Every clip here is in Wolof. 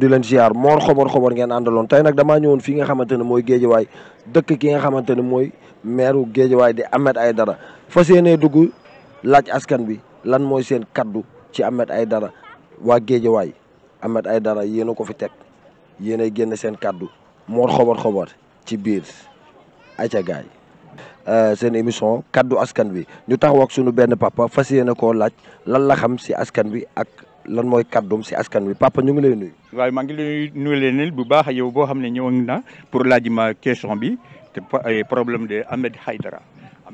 di leen ziar moor xobar xobar ngeen àndaloon tey nag damaa ñëwoon fi nga xamante ne mooy géejawaay dëkk ki nga xamante ne mooy meeru géejawaay di Ahmed Aidara fas yéenee dugg laaj askan bi lan mooy seen kaddu ci Ahmed Aidara waa géejawaay Ahmed Aidara yéen a ko fi teg yéen ay génn seen kaddu moor xobar xobar ci biir ayca gaay euh, seen émission kaddu askan bi ñu tax ak sunu benn papa fas yéene koo laaj lan la xam si askan bi ak. lan mooy kàddoom si askan wi papa ñu ngi lay nuyu. waaye maa ngi lay nuyu leen bu baax yow boo xam ne ñëwoon na pour laaj ma question bi te problème de Ahmed Aïdara.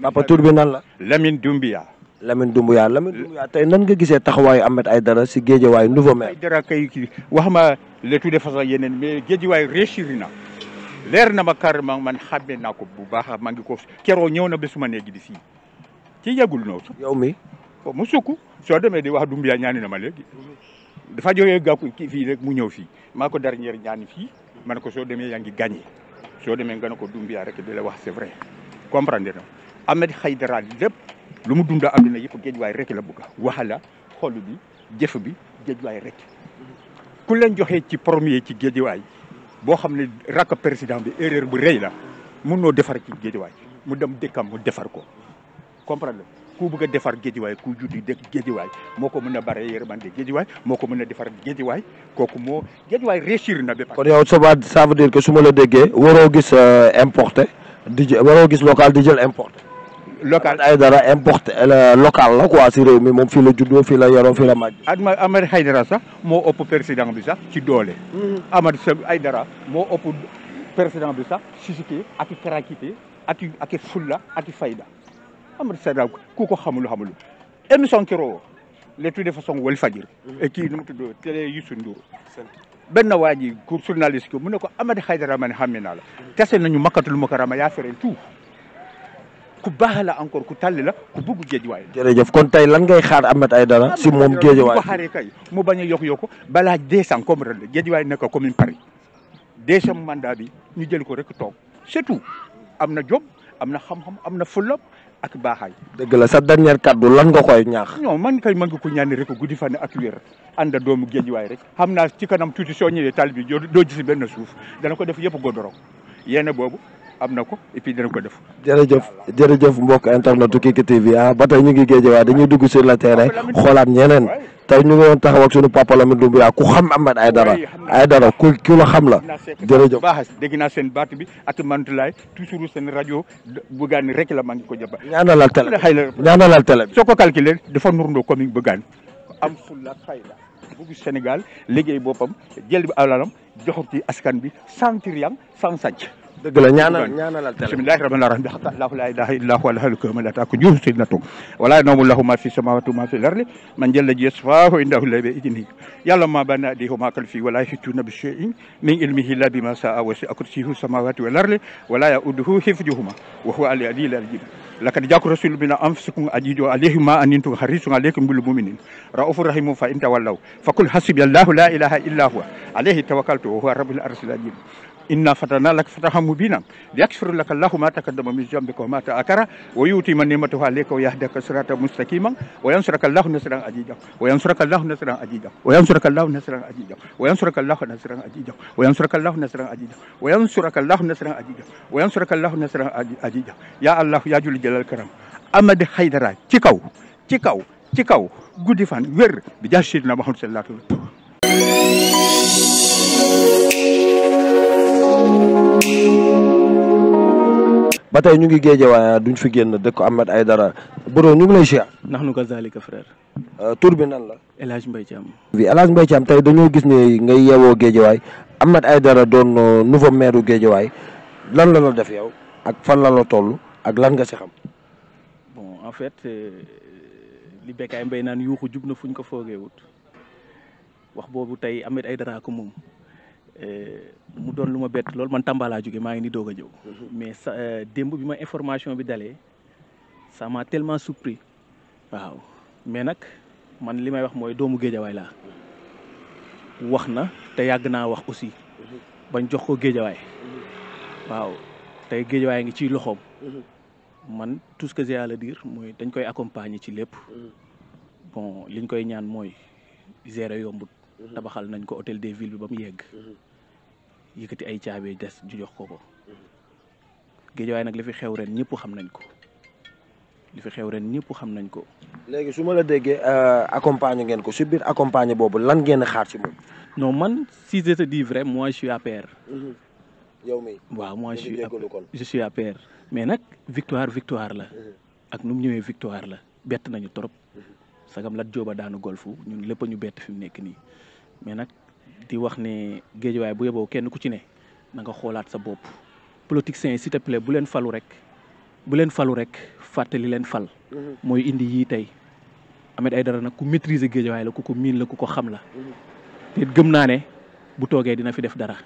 papa tur bi nan la. Lamine Doumbia. Lamine Doumbouya Lamine Doumbouya tey nan nga gisee taxawaayu Ahmed Aïdara si waaye nouveau maire. Aïdara kay kii wax ma le tout de façon yeneen mais géejewaay réussir na leer na ma carrément man xàmmee naa ko bu baax maa ngi ko keroo ñëw na ba suma néegi di fii ci yàggul noonu. yow mi bon mu sukk soo demee di wax Doumbia ñaani na ma léegi dafa jógee gàkku kii fi rek mu ñëw fii maa ko dernière ñaani fii man ne ko soo demee yaa ngi gagné soo demee nga ne ko Doumbia rek di la wax c'est vrai comprender na Ahmed Aïdara lépp lu mu dundaa am àdduna yëpp géejuwaay rek la bëgg waxala xol bi jëf bi géejuwaay rek ku leen joxee ci premier ci géejuwaay boo xam ne rakk président bi erreur bu rëy la mun noo defar ci géejuwaay mu dem dëkkam mu defar ko comprendre ku bëgg a defar géejiwaay ku juddi dëkk géejiwaay moo ko mën a bare yërmande géejiwaay moo ko mën a defar géejiwaay kooku moo géejiwaay réussir na bépp kon yow soba ça veut dire que su ma la déggee waroo gis euh, importé di jël gis local di jël importé local ay dara importé euh, local la quoi si réew mi moom fii juddoo fii la yoroo fii la màgg ama sax moo ëpp président bi sax ci doole mm-hmm. ay Aïdara moo ëpp président bi sax si ak ak i ak fulla ak fayda am Amadou Seydaw ku ko xamul xamul émission kiroo la tuddee façon Walfadjri et kii nu mu tudd télé Youssou Ndour benn waa ji ku journaliste ko mu ne ko Amady Haydara man xàmme naa la tase nañu makkatul mukarrama yaa fereen tout ku baax encore ku tàlli la ku bëgg géejuwaay jërëjëf kon tey lan ngay xaar Amady Haydara si moom géejuwaay ko xaaree kay mu bañ a yokk yokk balaa deux ans comprendre géejuwaay nekk commune Paris deuxième mandat bi ñu jël ko rek toog c'est am na jom am na xam-xam am na fulop ak baaxaay. dëgg la sa dernière kàddu lan nga koy ñaax. man kay mën nga ko ñaani rek guddi fan ak wér ànda doomu géej waay rek. xam naa ci kanam tuuti soo ñëwee taalibe bi doo gis benn suuf dana ko def yëpp godoro yéen boobu. am na ko et dana ko def. jërëjëf jërëjëf mbokk internetu Kiki TV ah ba tey ñu ngi géej waaye dañuy dugg sur le terrain xoolaat ñeneen. tey ñu ngi doon taxaw ak suñu papa Lamine Doumbia ku xam Ahmed ay Aïdara ku ku la xam la jërëjëf baax dégg naa seen baat bi ak mantulaay toujours seen rajo bëggaan rek la maa ngi ko jëba ñaanalal télé ñaanalal télé bi soo ko calculer dafa nurndoo commune bëggaan am fulla fayda bëgg Sénégal liggéey boppam jël bi alalam joxor ci askan bi sans trian sans sàcc dëgg la ñaanal ñaanalal teel a bismillahi rahmaani rahim xatallahu la ilaha illa huwa alhayyul qayyum la ta'khudhuhu sinatun wa la nawmun lahu ma fi samawati wa ma fi al-ardi man jalla yasfahu indahu la bi'idnihi ya'lamu ma bayna aydihim wa ma khalfihim wa la yuhituna bi shay'in min ilmihi illa bima sha'a wa wasi'a kursiyyuhu samawati wal ardi wa la ya'uduhu hifdhuhuma wa huwa al-'aliyyul 'azim لقد جاءكم رسول من انفسكم عزيز عليه ما انتم حريص عليكم بالمؤمنين رؤوف رحيم فان تولوا فقل حسبي الله لا اله الا هو عليه توكلت وهو رب العرش العظيم inna fatahna laka fathan mubinan liyagfira laka llahu ma taqaddama min dhanbika wa ma ta'akhkhara wa yu'ti man ni'matahu alayka wa yahdiyaka siratan mustaqiman wa yansuraka llahu nasran aziza wa yansuraka llahu nasran aziza wa yansuraka llahu nasran aziza wa yansuraka llahu nasran aziza wa yansuraka llahu nasran aziza wa yansuraka llahu nasran aziza wa yansuraka llahu nasran aziza ya allah ya jul jalal karam amadi haydara ci kaw ci kaw ci kaw guddi fan wér bi jaay sidna Muhammad sallallahu alayhi wa sallam ba tey ñu ngi géejewaay duñ fi génn dëkk Ahmed Aidara bro ñu ngi lay ziar. ndax nu ko zaalika frère. Euh, tur bi nan la. El Hadj Mbaye Thiam. bi El Hadj Mbaye tey dañoo gis ne ngay yeewoo géejewaay ay dara doon euh, nouveau maire géejewaay lan la la def yow ak fan la la toll ak lan nga si xam. bon en fait euh, li Bécaye Mbaye naan yuuxu jub na fuñ ko foogee wut wax boobu tey Ahmed Aidara ko moom. Euh, mu doon lu ma bett loolu man Tamba jóge maa ngi ni doog a ñëw mais sa euh, démb bi ma information bi dalee sama m'a tellement surpris waaw mais nag man li may wax mooy doomu géejawaay la wax na te yàgg naa wax aussi bañ jox ko géejawaay waaw tey géejawaay ngi ciy loxoom man tous que j'ai à le dire mooy dañ koy accompagner ci lépp bon liñ koy ñaan mooy gérer yombut tabaxal nañ ko hôtel des villes bi ba mu yegg yëkkati ay caabi des ju jox ko ko géejawaay nag li fi xew ren ñëpp xam nañ ko li fi xew ren ñëpp xam nañ ko. léegi su ma la déggee euh, accompagner ngeen ko si biir accompagner boobu lan ngeen xaar ci moom. non man si je di dis vrai moi je suis APR. Mm-hmm. yow mii waaw moi je suis mais nag victoire victoire la. Mm-hmm. ak nu mu ñëwee victoire la bett nañu trop. sagam Lat Jooba daanu golfu ñun lépp ñu bett fi mu nekk nii mais nag di wax ne géejawaay bu yeboo kenn ku ci ne na nga xoolaat sa bopp politiciens yi s'il te plaît bu leen falu rek bu leen falu rek fàttali leen fal mm-hmm. mooy indi yii tey Ahmed dara nag ku maîtriser géejawaay la ku ko miin la ku ko xam la mm-hmm. te gëm naa ne bu toogee dina fi def dara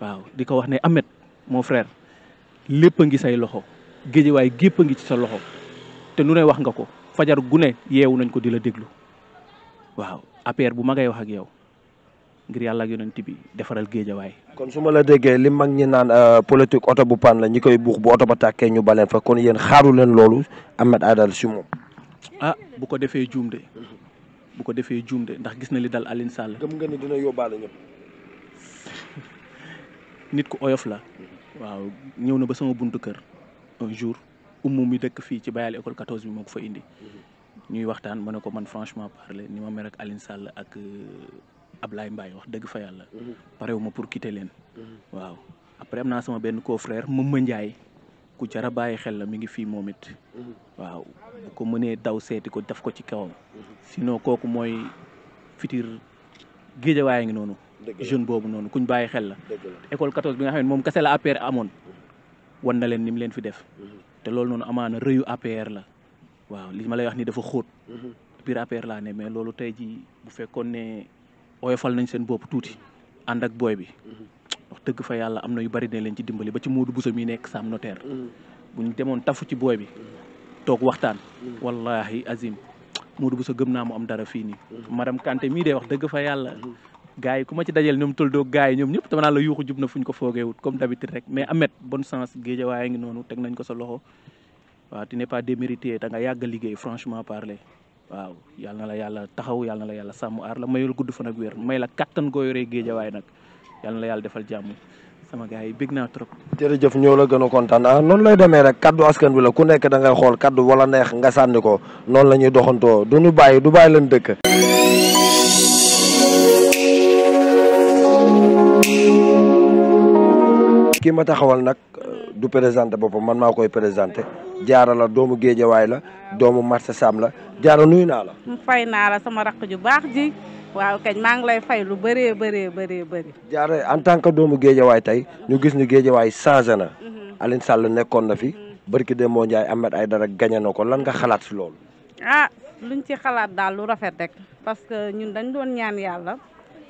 waaw di ko wax ne Ahmed mon frère lépp a ngi say loxo géejawaay gépp a ngi ci sa loxo te nu ne wax nga ko fajar gune yeewu nañ ko di la déglu waaw APR bu ma ngay wax ak yow ngir yàlla ak yonent bi defaral géejawaay. kon su ma la déggee li mag ñi naan euh, politique oto bu pan la ñi koy buux bu oto ba tàkkee ñu baleen fa kon yéen xaaru leen loolu Ahmed Aidara si moom. ah bu ko defee juum de ko defee juum ndax gis na li dal alin Sall. gëm nga ni dina yóbbaale ñëpp. nit ku oyof la. waaw ñëw na ba sama buntu kër un jour ummu mi dëkk fii ci Bayal école 14 bi moo ko fa indi. ñuy waxtaan ma ne ko man franchement parler ni ma mer ak Alioune Sall ak euh, Ablaye Mbaye wax dëgg fa yàlla. parewu ma pour quitter leen. waaw après am naa sama benn confrère Mouma Ndiaye ku jar a bàyyi xel la mi ngi fii moom it. waaw bu ko mënee daw seeti ko daf ko ci kawam. sinon kooku mooy gi géejawaay ngi noonu. jeune boobu noonu kuñ bàyyi xel la. école 14 bi nga xam ne moom kese la APR amoon wan na leen ni mu te loolu noonu amaana rëyu APR la waaw li ma lay wax ni dafa xoot mhm. biir APR laa ne mais loolu tey ji bu fekkoon ne oyofal nañ seen bopp tuuti ànd ak booy bi mhm. wax dëgg fa yàlla am na yu bari ne leen ci dimbali ba ci Modou Bousso mi nekk no Sam Notaire mhm. buñ demoon tafu ci booy bi toog waxtaan wallahi azim Modou Bousso gëm naa mu am dara fii nii madame mii de wax dëgg fa yàlla gars yi ku ma ci dajeel ñoom tëldoo gars yi ñoom ñëpp dama la yuuxu jub na fuñ ko foogeewut comme d'habitude rek mais Ameth bon sens géejawaay ngi noonu teg nañ ko sa loxo waaw tu n'es pas démérité da yàgg a liggéey franchement parler waaw yal la yàlla taxaw yal la yàlla sàmm aar la mayul gudd fan ak may la kattan goo yoree géejawaay nag yal la yàlla defal jàmm sama gars yi bég naa trop. jërëjëf ñoo la gën a kontaan ah noonu lay demee rek kaddu la ku nekk da ngay xool kaddu wala neex nga sànni ko noonu la ñuy doxantoo du ñu bàyyi du kii ma taxawal nag euh, du présenté boppam man maa koy présenté jaara la doomu waay la doomu marché sam la jaara nuyu naa la. fay naa la sama rakk ju baax ji waaw kañ maa ngi lay fay lu bëree bëree bëree bëri. jaara en tant que doomu géejawaay tey ñu gis ni géejawaay changé na. Mhm. Aline Sall nekkoon na fi. Mhm. barki Demba Ndiaye ay Aïdara gañe na ko lan nga xalaat si loolu. ah luñ ci xalaat daal lu rafet rek. parce que ñun dañ doon ñaan yàlla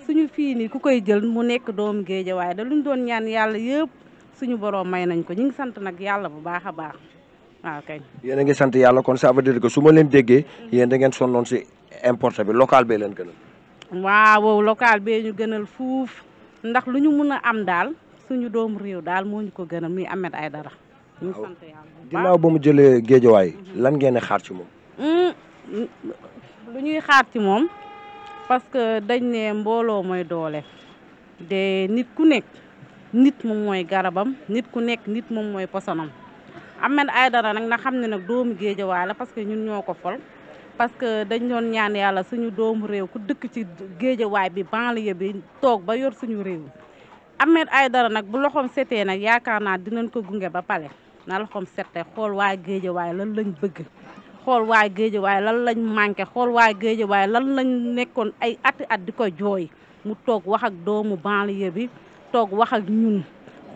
suñu fii nii ku mu nekk doomu géejawaay da luñ doon suñu borom may nañ ko ñu ngi sant nag yàlla bu baax a baax waaw kay. yéen a ngi sant yàlla kon ça veut dire que su ma leen déggee mm. yéen da ngeen sonnoon si importé bi local bee leen gënal. waaw local bee ñu gënal fuuf ndax lu ñu mun a am daal suñu doomu réew daal moo ñu ko gënal muy Ahmed Aidara. ñu sant yàlla bu ba mu jële géejawaay mm-hmm. lan ngeen xaar ci moom. Mm, lu ñuy xaar ci moom parce que dañ ne mbooloo mooy doole de nit ku nekk. nit moom mooy garabam nit ku nekk nit moom mooy posanam ay dara nag na xam ne nag doomu géejawaay la parce que ñun ñoo ko fol parce que dañ doon ñaan yàlla suñu doomu réew ku dëkk ci géejawaay bi banlieue bi toog ba yor suñu réew ay dara nag bu loxoom setee nag yaakaar naa dinañ ko gunge ba pale na loxoom setee xool waa géejawaay lan lañ bëgg xool waa géejawaay lan lañ manqué xool waa géejawaay lan lañ nekkoon ay ati at di ko jooy mu toog wax ak doomu banlieue bi toog wax ak ñun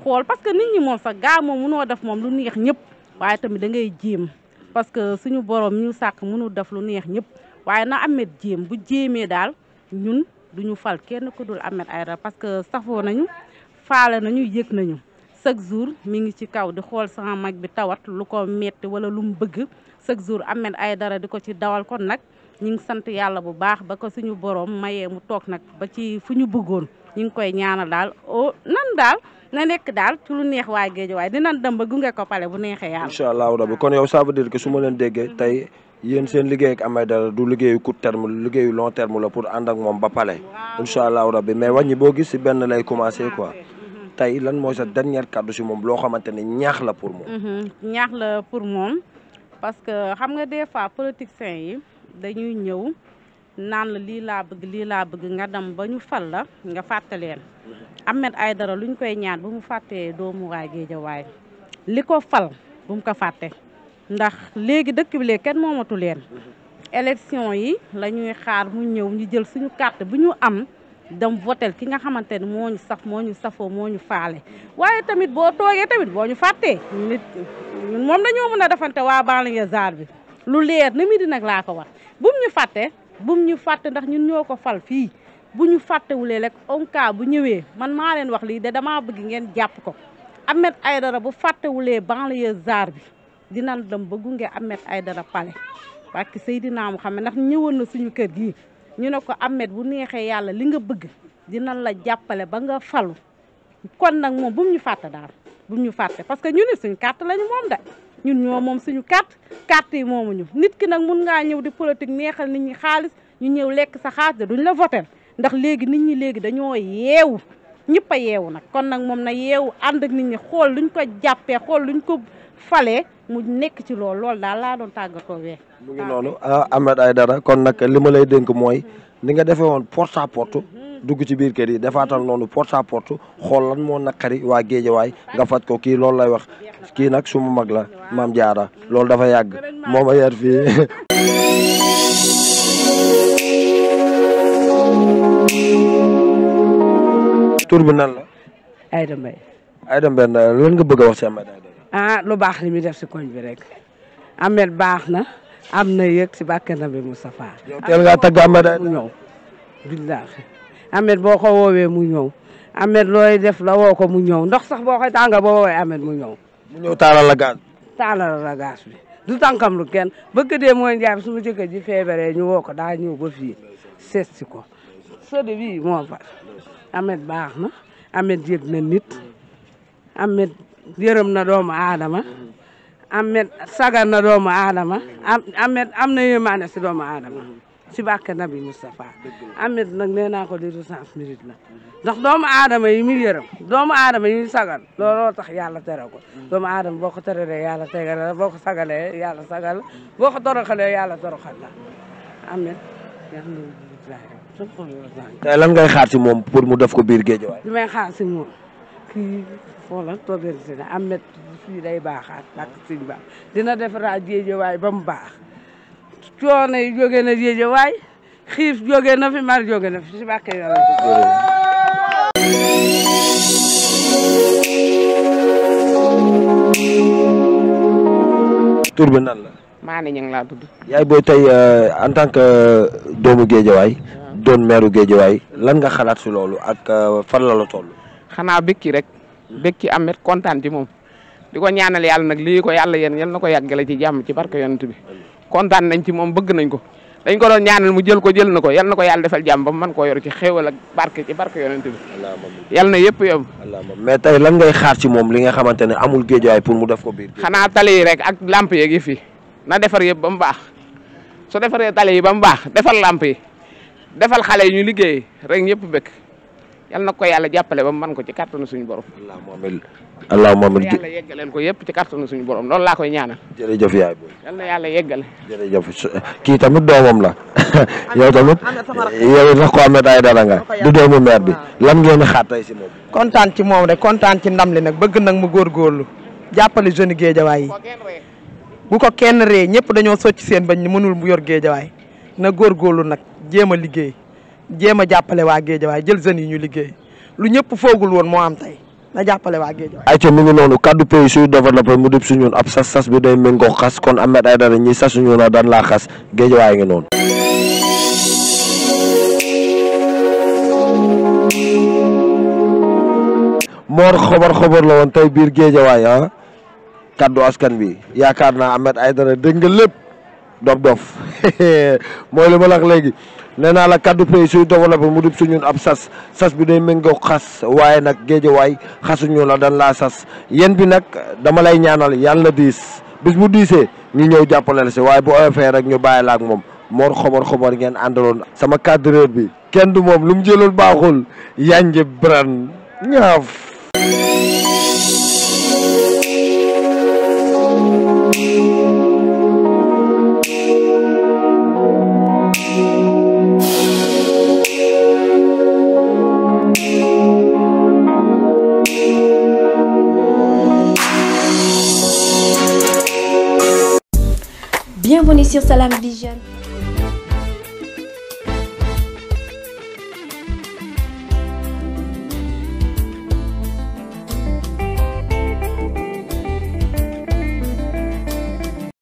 xool parce que nit ñi moom sax gaa moom mënoo def moom lu neex ñëpp waaye tamit dangay jéem parce que suñu borom ñu sàkk mënul def lu neex ñëpp waaye na amet jéem bu jéemee daal ñun duñu fal kenn ku dul Ahmed Aidara parce que safoo nañu faale nañu yëg nañu chaque jour mi ngi ci kaw di xool sama mag bi tawat lu ko metti wala lu mu bëgg chaque jour ay Aidara di ko ci dawal kon nag ñu ngi sant yàlla bu baax ba ko suñu borom mayee mu toog nag ba ci fu ñu bëggoon ñu ngi koy ñaanal daal o nan daal na nekk daal ci lu neex waa géej waaye dinañ dem ba gunge ko pale bu neexee yàlla. incha allahu rabi kon yow ça veut dire que su ma leen déggee mm-hmm. tey yéen seen liggéey ak Ameth Aidara du liggéeyu court terme liggéeyu long terme la pour ànd moom ba pale. incha allahu rabi mais wàññi boo gis si benn lay commencé quoi. Mm-hmm. tey lan mooy sa dernière kaddu si moom loo xamante ne ñaax la pour moom. Mm-hmm. dañuy ñëw naan la lii laa bëgg lii laa bëgg nga dem ba ñu fal la nga fàtte leen Ahmed Aidara luñ koy ñaan bu mu fàttee doomu waa Géejawaay li ko fal bu mu ko fàtte ndax léegi dëkk bi léegi kenn moomatu leen élection yi lañuy xaar mu ñëw ñu jël suñu carte bu ñu am dem votel ki nga xamante ne moo ñu saf moo ñu safoo moo ñu faale waaye tamit boo toogee tamit boo ñu fàttee nit moom dañoo mën a defante waa banlieue bi lu leer ni mi nag laa ko wax bum ñu fàtte bum ñu fàtte ndax ñun ñoo ko fal fii bu ñu fàttewulee rek en bu ñëwee man maa leen wax lii de damaa bëgg ngeen jàpp ko Ahmed Aïdara bu fàttewulee banlieusard bi dinañ dem ba gunge Ahmed Aïdara pale barke Seydina Muhammad ndax ñëwal na suñu kër gi ñu ne ko Ahmed bu neexee yàlla li nga bëgg dinañ la jàppale ba nga falu kon nag moom bu ñu fàtte daal bu ñu fàtte parce que ñu ni suñ carte lañu moom de ñun ñoo moom suñu carte carte yi moomuñu nit ki nag mun ngaa ñëw di politique neexal nit ñi xaalis ñu ñëw lekk sa xaalis da duñ la voter ndax léegi nit ñi léegi dañoo yeewu ñëpp a yeewu nag kon nag moom na yeewu ànd ak nit ñi xool luñ ko jàppee xool luñ ko falee mu nekk ci loolu lool daal laa doon tàggatoo wee mu ngi noonu ah, Ahmed kon nag li ma lay dénk mooy ni nga defee woon porte à mhm. dugg ci biir kër yi defaatal noonu porte à xool lan moo naqari waa géejawaay nga faj ko kii loolu lay wax kii nag suma mag la maam jaara loolu dafa yàgg moom a yar fii tur nan la Aïda Mbaye Aïda Mbaye nga bëgg a wax si Ahmed ah, lu baax li muy def si koñ bi rek Ahmed baax na am na yëg si bàkke na bi Moustapha teel ngaa tagg Ahmed Aïda mu ñëw billaahi boo ko woowee mu ñëw Ahmed looy def la woo ko mu ñëw ndox sax boo koy tànga boo woowee Ahmed mu ñëw mu ñëw taalal la gaz bi taalal la gaz bi du tànkam lu kenn bëgg dee mooy njaay bi suma jëkkër ji feebaree ñu woo ko daa ñëw ba fii seet si ko sëde bi moo fa baax na amet yëg na nit amet yërëm na doomu aadama amet sagal na doomu aadama amet am na yërmaane si doomu aadama ci barke Nabi Moustapha Ahmed nag nee naa ko li recence mérite la ndax doomu aadama yi muy yërëm doomu aadama yi muy sagal looloo tax yàlla tere ko mm. doom aadama boo ko tereree yàlla tegal la boo ko sagalee yàlla sagal la boo ko toroxalee yàlla toroxal la Ahmed tey lan ngay xaar ci moom pour mu def ko biir géej waay li may xaar ci moom kii foola tobersi na Ahmed fii day baaxaat bak siñ baax dina def raa géej waay ba mu baax coono yi jóge na yéje waay xiif jóge na fi mar jóge na fi si bàkke yàlla tur bi nan la maa ne ñu ngi yaay booy tey euh, en tant que euh, doomu géejawaay doon meeru géejawaay lan nga xalaat si loolu ak euh, fan la la toll xanaa békki rek békki amet kontaan ci moom di ko ñaanal yàlla nag lii ko yàlla yéen yal na ko yàggale ci jàmm ci barke yonent bi kontaan nañ ci moom bëgg nañ ko dañ ko doon ñaanal mu jël ko jël na ko yal na ko yàlla defal jàmm ba man koo yor ci xéewal ak barke ci barke yonent bi yal na yëpp yomb mais tey lan ngay xaar ci moom li nga xamante ne amul géejaay pour mu def ko biir xanaa tali yi rek ak lamp yeeg yi fii na defar yëpp ba mu baax soo defaree tali yi ba mu baax defal làmp yi defal xale yi ñu liggéey rek ñëpp bëgg yal na ko yàlla jàppale ba mu ko ci kàttanu suñu borom. allahumma amiin allahumma amiin yàlla ko yëpp ci kàttanu suñu borom loolu laa koy ñaanal. jërëjëf yaay booy. yal na yàlla yeggale. jërëjëf kii tamit doomam la yow tamit yow sax ko amee ay dara nga du doomu maire bi lan ngeen xaat tey si moom. kontaan ci kontaan ci ndam li nag bëgg nag ma mu góorgóorlu jàppale jeune géejawaay bu ko kenn ree ñëpp dañoo socc seen bañ mënul mu yor géejawaay na góorgóorlu nag jéem a liggéey jéem a jàppale waa Géejawaay jël jeunes yi ñu liggéey lu ñëpp foogul woon moo am tey na jàppale waa Géejawaay. ayca mi ngi noonu kaddu pays suy développé mu dib suñu ab sas sas bi day méngoo xas kon Ahmed Aidara ñi sas suñu na daan laa xas Géejawaay ngi noonu. Mor xobar xobar la woon tey biir Géejawaay ah kaddu askan bi yaakaar naa Ahmed Aidara dégg nga lépp. dof-dof mooy li ma la léegi nee naa la kaddu pays suy développé mu dib suñun ab sas sas bi day méngoo xas waaye nag géejawaay xasuñu la dan laa sas yéen bi nag dama lay ñaanal yàlla na diis bis mu diisee ñu ñëw jàppale la si waaye bu oyofee rek ñu bàyyi la ak moom moor xobor xobor ngeen àndaloon sama cadreur bi kenn du moom lu mu jëloon baaxul yànj bran ñaaf sur Salam Vision.